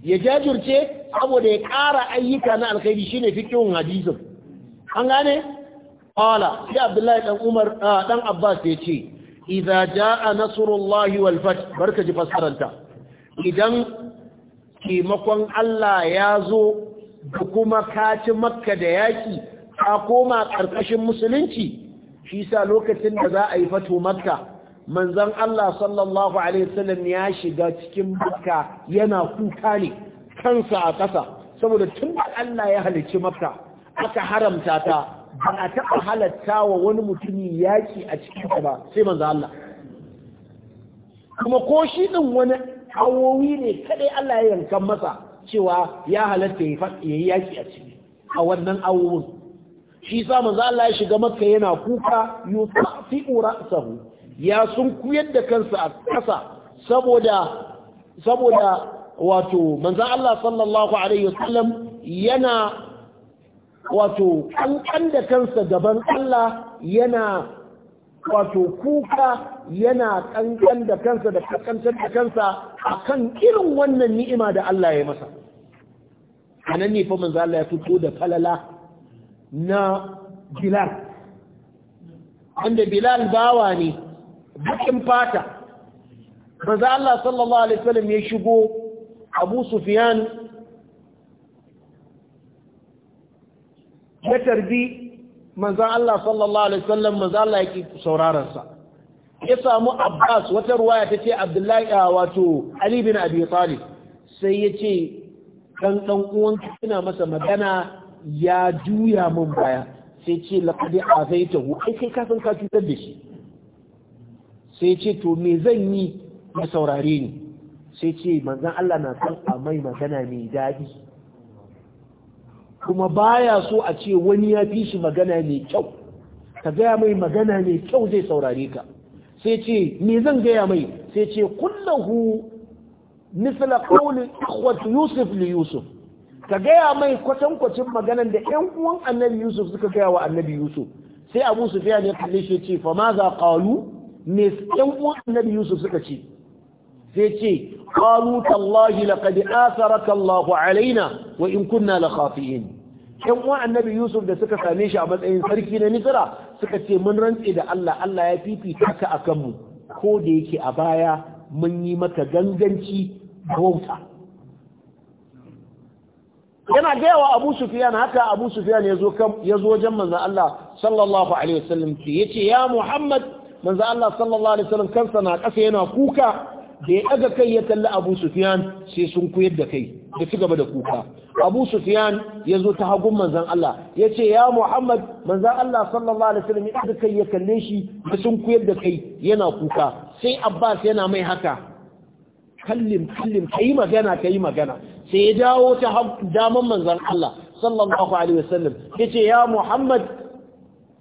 ya jajirce saboda ya ƙara ayyuka na alkhairi shine fiqhun hadisin an gane qala sai abdullahi dan umar ah, dan abbas ya ce idza jaa nasrullahi wal fath barka ji fasaranta idan taimakon Allah ya zo da kuma kaci makka da yaƙi, ka koma ƙarƙashin musulunci shi sa lokacin da za a yi fato makka manzon Allah sallallahu alaihi wasallam ya shiga cikin makka yana kuka ne kansa a ƙasa saboda tun da Allah ya halicci makka aka haramta ta ba a taɓa halatta wa wani mutumi yaƙi a cikin ba sai manzo Allah kuma ko shi ɗin wani awowi ne kaɗai Allah ya yankan masa cewa ya halatta ya yi yaƙi a ciki a wannan awowin shi sa manzo Allah ya shiga makka yana kuka yusafi ra'sahu ya sun kuyar da kansa a ƙasa saboda saboda wato manzo Allah sallallahu alaihi wasallam yana wato kankan da kansa gaban Allah yana wato kuka yana kankan da kansa da kankantar da kansa akan irin wannan ni'ima da Allah ya masa anan ne fa manzo Allah ya fito da falala na Bilal wanda Bilal bawa ne bakin fata manzo Allah sallallahu alaihi wasallam ya shigo Abu Sufyan ya tarbi manzan Allah sallallahu alaihi wasallam manzan Allah yake sauraron sa ya samu Abbas wata ruwaya tace Abdullahi wato Ali bin Abi Talib sai yace kan dan uwanka kina masa magana ya juya mun baya sai ce laqad azaitahu ai kai ka san ka cutar da shi sai ce to me zan yi ya saurare ni sai ce manzan Allah na san a mai magana mai daɗi kuma baya so a ce wani ya fi shi magana mai kyau ka gaya mai magana mai kyau zai saurare ka sai ce me zan gaya mai sai ce kullahu misla qawli ikhwat yusuf li yusuf ka gaya mai kwatankwacin maganan da ƴan uwan annabi yusuf suka gaya wa annabi yusuf sai abu Sufiya ne kalle shi ce fa maza qalu ƴan uwan annabi yusuf suka ce sai ce qalu tallahi laqad atharaka allah alaina wa in kunna la khafiin yan uwan annabi yusuf da suka same shi a matsayin sarki na misira suka ce mun rantse da allah allah ya fifita ka a kanmu ko da yake a baya mun yi maka ganganci bauta. Yana yana gayawa abu sufiyan haka abu sufiyan ya zo wajen manzan allah sallallahu alaihi wasallam ya ce ya muhammad manzan allah sallallahu alaihi wasallam kansa na ƙasa yana kuka da ya daga kai ya kalli abu sufiyan sai sun kuyar da kai da ci gaba da kuka abu sufiyan ya zo ta hagun manzan Allah ya ce ya muhammad manzan Allah sallallahu alaihi wasallam ya daga kai ya kalle shi da sun kuyar da kai yana kuka sai abbas yana mai haka kallim kallim ka yi magana ka yi magana sai ya dawo ta daman manzan Allah sallallahu alaihi wasallam ya ce ya muhammad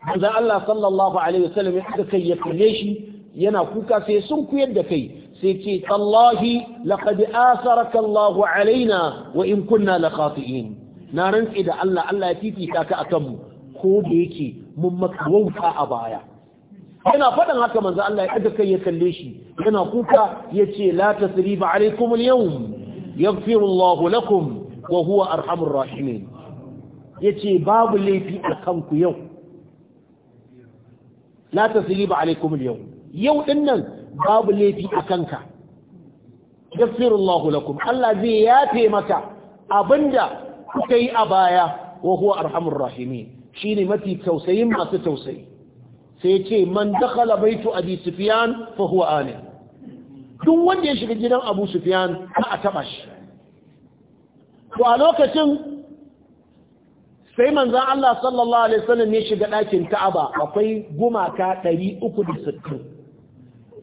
manzan Allah sallallahu alaihi wasallam ya daga kai ya kalle shi yana kuka sai sun kuyar da kai sai ce tallahi laqad asaraka Allahu alaina wa in kunna lakhati'in na rantsi da Allah Allah ya fifita ka a kanmu. ko da yake mun maka wauta a baya yana faɗin haka manzo Allah ya ɗaga kai ya kalle shi yana kuka ya ce la tasriba alaikum al Ya yaghfiru Allah lakum wa huwa arhamur rahimin ce babu laifi a kanku yau la ba, alaikum al-yawm yau ɗin nan babu laifi a kanka yaghfirullahu lakum Allah zai yafe maka abinda kuka yi a baya wa huwa arhamur rahimin shine mafi tausayin masu tausayi sai ya ce man dakhala baitu abi sufyan fa huwa duk wanda ya shiga gidan abu sufyan ba a taba shi to a lokacin sai manzan Allah sallallahu Alaihi wasallam ya shiga ɗakin Ka'aba akwai gumaka 360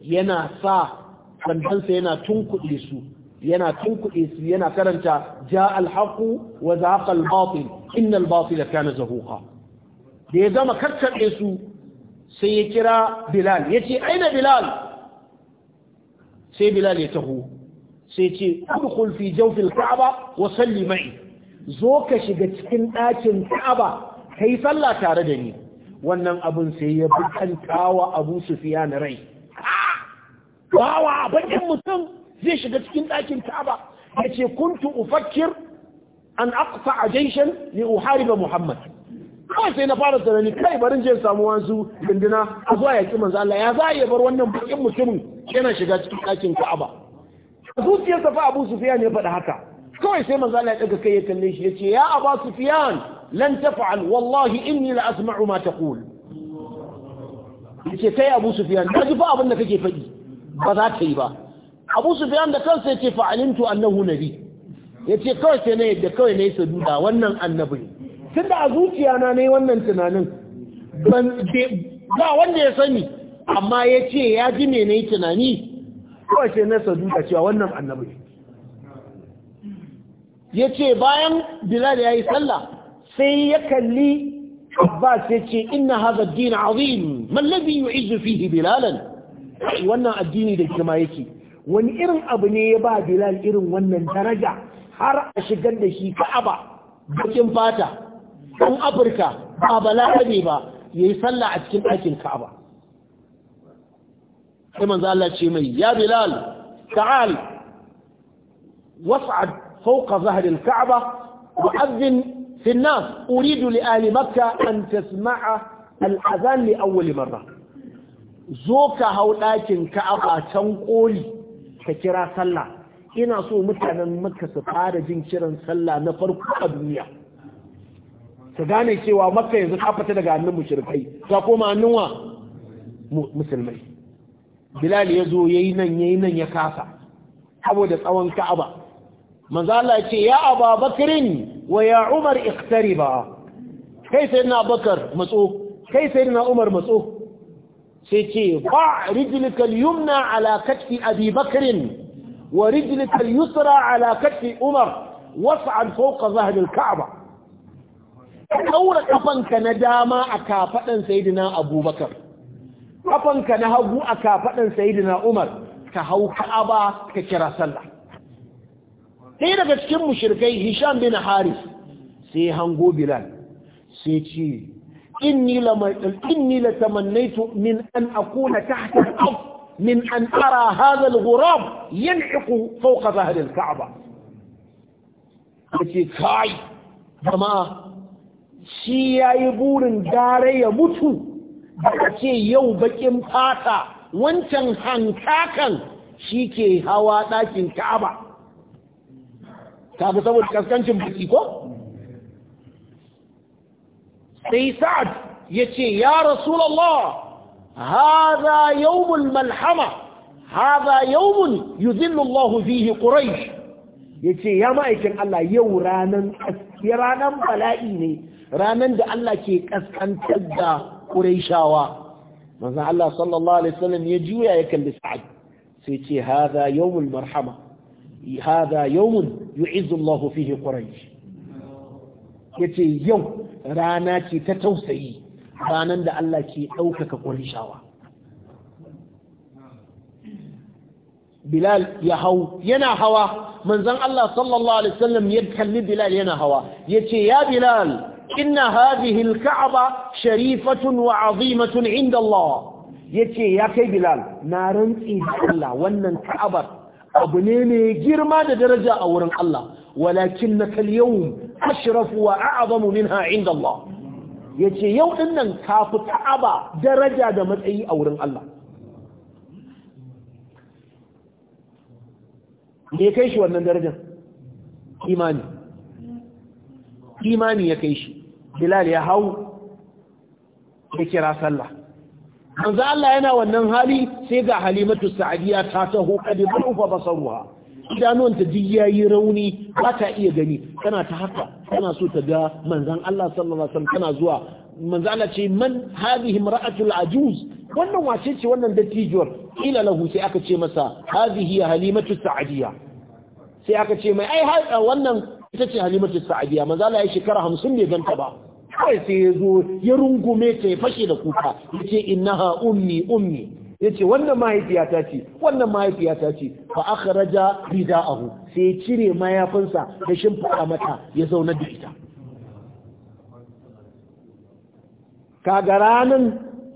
yana sa sandansa yana tunkuɗe su yana tunkuɗe su yana karanta ja alhaku, wa zaqa albatil inna albatila kana da ya zama karkaɗe su sai ya kira bilal ya ce aina bilal sai bilal ya taho sai ce udkhul fi jaufin ka'aba wa salli ma'i zo ka shiga cikin ɗakin ka'aba kai sallah tare da ni wannan abun sai ya bukantawa abu na rai bawa bakin mutum zai shiga cikin ɗakin ka'aba ya ce kuntu ufakkir an aqfa a jaishen li uhariba muhammad kawai sai na fara tunani kai barin je samu wasu dindina a zuwa yaƙi manzo Allah ya za ya bar wannan bakin mutumin yana shiga cikin ɗakin ka'aba zuciyarsa fa Abu Sufyan ya faɗa haka kawai sai manzo Allah ya daga kai ya kalle shi ce ya Abu Sufiyan. lan taf'al wallahi inni la asma'u ma taqul yace kai Abu Sufiyan ka ji fa abin da kake faɗi ba za ta yi ba abu sufyan da kansa ya ce alimtu annahu nabi Ya ce kawai sai na yadda kawai nayi saduda wannan annabi tunda a zuciya na nayi wannan tunanin ban ba wanda ya sani amma ya ce ya ji ne na yi tunani kawai sai na saduda cewa wannan annabi ce bayan bilal ya yi sallah sai ya kalli Abbas yace inna hadha ad-din azim man alladhi yu'izzu fihi bilalan wannan addini da ke ma yake wani irin abu ne ya ba bilal irin wannan daraja har a shigar da shi ka'aba bakin fata ɗan afirka ba balarabe ba ya yi sallah a cikin ɗakin ka'aba sai manzo Allah ce mai ya bilal ta'al was'ad fawqa zahri al kaaba fi an-nas uridu li ahli makkah an مكة al-adhan li awwal marrah zo ka hau ɗakin a can ƙoli ka kira sallah ina so mutanen makka su fara jin kiran sallah na farko a duniya su gane cewa makka yanzu ta fita daga hannun mushrikai ta koma hannun wa musulmai bilal ya zo yayi nan yayi nan ya kasa saboda tsawon ka'aba manzo Allah ce ya Aba Bakrin wa ya Umar iqtariba kai sayyidina bakar matso kai sayyidina Umar matso sai ce ba rijlikal yumna ala Abibakrin wa rijlikal yusra ala umar was'al fawqa zahri ka'aba. Ka daura kafanka na dama a kafaɗan Saidina abubakar kafanka na hagu a kafaɗan Saidina umar ka hau ka'aba ka kira sallah sai daga cikin mushirkai hisham bin haris sai hango bilal sai ce inni la inni la tamannaitu min an akuna tahta al-ard min an ara hadha al-ghurab yan'iqu fawqa dhahr al-ka'ba kace kai jama'a shi yayi burin dare ya mutu da ce yau bakin fata wancan hankakan shi ke hawa ɗakin ka'aba kaga saboda kaskancin biki ko sai sa'ad ya ce ya rasulallah haza yawmul malhama haza yawmun yuzillu Allah fihi quraish yace ya ma'aikin Allah yau ranan ranan bala'i ne ranan da Allah ke kaskantar da quraishawa manzo Allah sallallahu alaihi wasallam ya juya ya kalli sa'ad sai ce haza yawmul marhama haza yawmun yu'izzu Allah fihi quraish yace yau rana ce ta tausayi ranan da Allah ke ɗaukaka ƙunshawa. Bilal ya hau yana hawa manzon Allah sallallahu alaihi wasallam ya kalli Bilal yana hawa yace ya Bilal inna hadhihi ka'aba sharifatun wa 'azimatun 'inda Allah yace ya kai Bilal na rantsi da Allah wannan ka'abar abu ne mai girma da daraja a wurin Allah walakin na kal ashrafu wa a'zamu minha inda Allah yace yau din nan ka fi Ka'aba daraja da matsayi a wurin Allah me kai shi wannan darajar imani imani ya kai shi Bilal ya hau ya kira sallah manzo Allah yana wannan hali sai ga Halimatu Sa'diya ta taho kadi ba basaruha idanuwanta duk yayi rauni ba ta iya gani tana ta haka tana so ta ga manzan? Allah sallallahu alaihi wasallam tana zuwa manzon Allah ce man hadhihi imra'atul ajuz wannan wace ce wannan dattijuwar ila lahu sai aka ce masa hadhihi halimatu sa'diya sai aka ce mai ai wannan ita ce halimatu sa'diya manzon Allah ya shekara 50 ne ganta ba kawai sai ya zo ya rungume ta ya fashe da kuka ya ce innaha ummi ummi yace wannan mahaifiyata ce wannan mahaifiyata ce fa akhraja ridaahu sai cire mayafinsa da shimfiɗa mata ya zauna da ita kaga ranan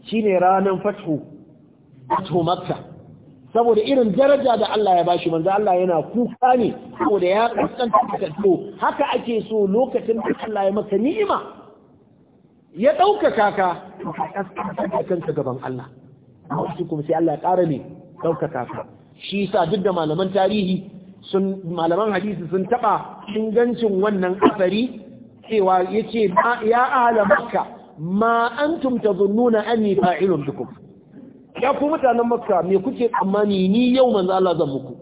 shine ranan fathu fathu makka saboda irin daraja da Allah ya bashi manzo Allah yana kuka ne saboda ya kaskanta takaddo haka ake so lokacin da Allah ya maka ni'ima ya ɗaukaka ka ka kaskanta kanka gaban Allah kuma sai Allah ya ƙara ne ɗaukaka ka shi sa duk da malaman tarihi sun malaman hadisi sun taɓa ingancin wannan asari cewa yace ya ala makka ma an antum an yi fa'ilun bikum ya ku mutanen makka me kuke tsammani ni yau manzo Allah zan muku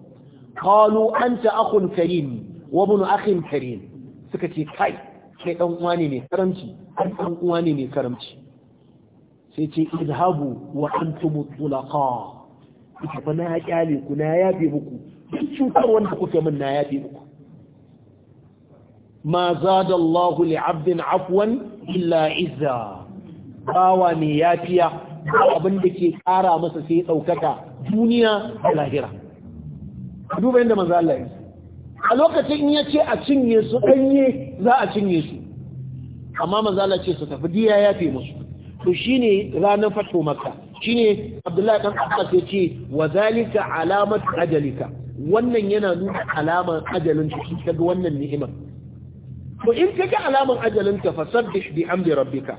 qalu anta akhun karim wa ibn akhin karim suka ce kai kai dan uwa ne mai karamci dan uwa ne mai karamci sai ce idhabu wa antum tulaqa fa na kyale ku na yafe muku duk cutar wanda kuke min na yafe muku ma zada li 'abdin 'afwan illa izza bawa ne yafiya abin da ke kara masa sai daukaka duniya da lahira duba inda manzo Allah ya a lokacin in yace a cinye su danye za a cinye su amma manzo Allah ce su tafi diya yafe musu to shine ranar fatu makka shine abdullahi dan abbas ya ce wa zalika alamatu ajalika wannan yana nuna alamar ajalin ki ga wannan ni'imar to in kaga alamar ajalin ka fasabbih bi amri rabbika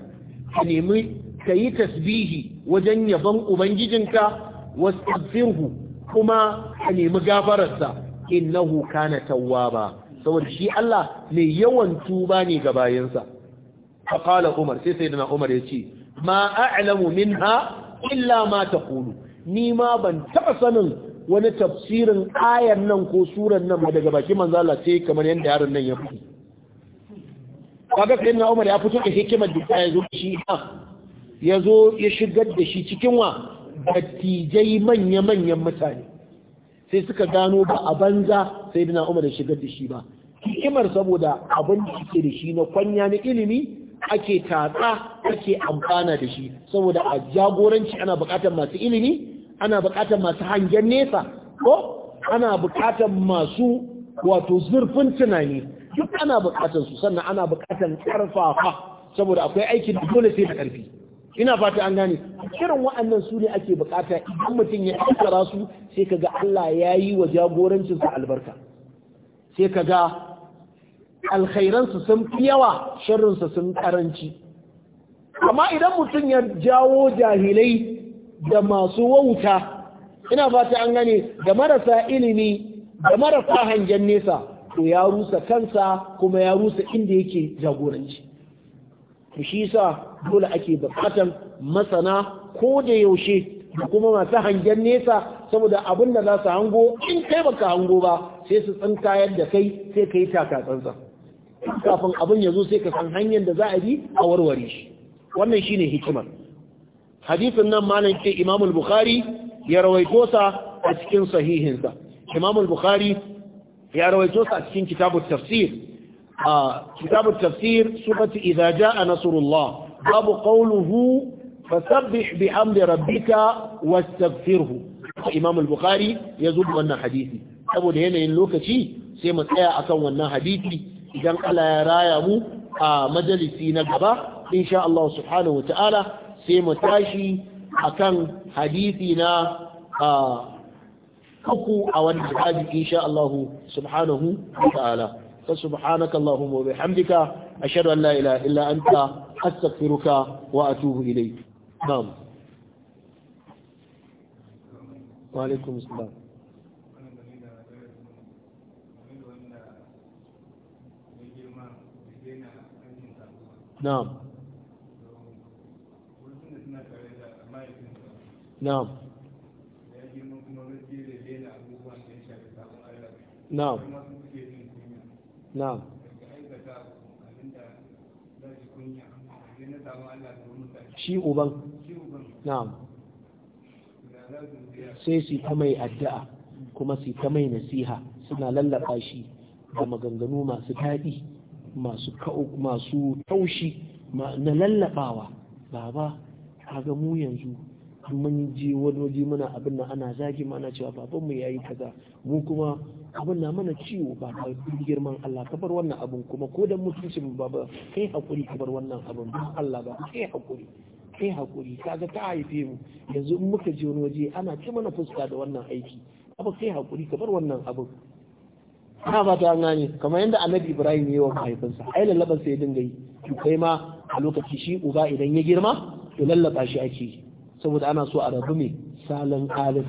ka nemi kayi tasbihi wajen yabon ubangijinka wastaghfirhu kuma ka nemi gafararsa innahu kana tawwaba saboda shi Allah mai yawan tuba ne ga bayansa Umar sai سي Umar ya ce. ma a'lamu minha illa ma taqulu ni ma ban taba sanin wani tafsirin ayan nan ko suran nan ba daga baki manzo Allah sai kamar yanda yaron nan ya fito kaga sai na Umar ya fito da hikimar da ya zo shi ya zo ya shigar da shi cikin wa dattijai manya-manyan mutane sai suka gano ba a banza sai dina umar ya shigar da shi ba hikimar saboda abin da suke da shi na kwanya na ilimi ake tatsa ake amfana da shi saboda a jagoranci ana bukatar masu ilimi ana bukatar masu hangen nesa ko ana bukatar masu wato zurfin tunani duk ana bukatar su sannan ana bukatar karfafa saboda akwai aiki da dole sai da karfi ina fata an gane kiran wa'annan su ne ake bukata idan mutum ya tsara su sai kaga Allah ya yi wa jagorancinsa albarka sai kaga alkhairansu sun fi yawa shirinsu sun karanci amma idan mutum ya jawo jahilai da masu wauta ina fata an gane da marasa ilimi da marasa hangen nesa to ya rusa kansa kuma ya rusa inda yake jagoranci shi yasa dole ake bukatan masana ko da yaushe da kuma masu hangen nesa saboda abin da za su hango in kai baka hango ba sai su tsinka yadda kai sai ka yi taka tsantsan kafin abin ya zo sai ka san hanyar da za a bi a warware shi wannan shine hikimar hadisin nan malam ce Imam al-Bukhari ya rawaito sa a cikin sahihinsa Imam al-Bukhari ya rawaito sa a cikin kitabut tafsir a kitabut tafsir surati idza jaa nasrullah babu qawluhu fasabbih bihamdi rabbika wastaghfirhu Imam al-Bukhari ya zuba wannan hadisi saboda yanayin lokaci sai mu tsaya akan wannan hadisi idan Allah ya raya mu a majalisi na gaba insha Allah subhanahu ta'ala sai mu tashi akan hadisi na uku a wani babi insha Allah subhanahu ta'ala fa subhanaka allahumma wa bihamdika ashhadu an la ilaha anta astaghfiruka wa atubu ilayk na'am na'am na'am na'am shi uban na'am sai su ta mai addu'a kuma su ta mai nasiha suna lallaka shi da maganganu masu daɗi masu masu taushi na lallabawa baba kaga mu yanzu mun je wani waje mana abin nan ana zagi mana cewa babanmu mu yayi kaza mu kuma abin na mana ciwo ba ka girman Allah ka bar wannan abin kuma ko dan mutuncin baba kai hakuri ka bar wannan abin ba Allah ba kai hakuri kai hakuri kaga ta haife mu yanzu in muka je wani waje ana ci mana fuska da wannan aiki ka kai hakuri ka bar wannan abin ana fata an gane kamar yadda annabi ibrahim ya yi wa mahaifinsa ai lallaban sai dinga yi to kai ma a lokaci shi uba idan ya girma to lallaba shi ake yi saboda ana so a rabu mai salon alin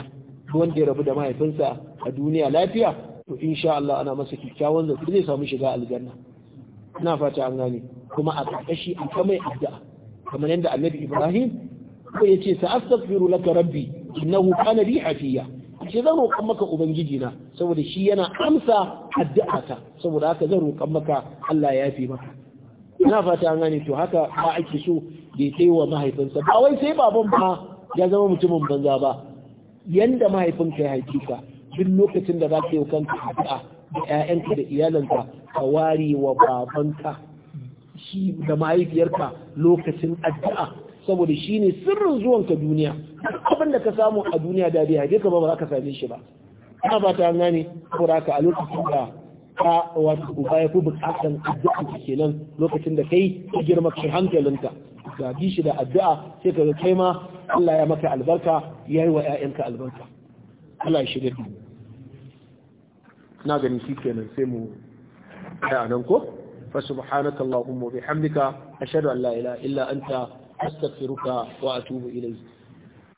wanda ya rabu da mahaifinsa a duniya lafiya to insha Allah ana masa kyakkyawan zato zai samu shiga aljanna ina fata an gane kuma a karkashi a ta mai addu'a kamar yadda annabi ibrahim ko ya ce sa astaghfiru laka rabbi innahu kana bi hafiya shi zan roƙon maka ubangiji na saboda shi yana amsa addu'ata saboda haka zan roƙon maka Allah ya yafi maka ina fata an gane to haka ba ake so da ya wa mahaifinsa ba wai sai baban ba ya zama mutumin banza ba yanda mahaifinka ya haifi ka duk lokacin da za ka yi kanka addu'a da ƴaƴanka da iyalanka ka ware wa babanka shi da mahaifiyarka lokacin addu'a saboda shi ne sirrin zuwanka duniya abin da ka samu a duniya da biya ka ba ba ka same shi ba ana ba ta ne kura ka a lokacin da ka wato uba ya fi bukatan addu'a ka kenan lokacin da kai ta girma kai hankalinka ga bi shi da addu'a sai ka ga kai ma Allah ya maka albarka ya yi wa 'ya'yanka albarka Allah ya shirya na ganin shi kenan sai mu kai nan ko fa subhanakallahumma wa bihamdika ashhadu an la ilaha illa anta أستغفرك وأتوب إليك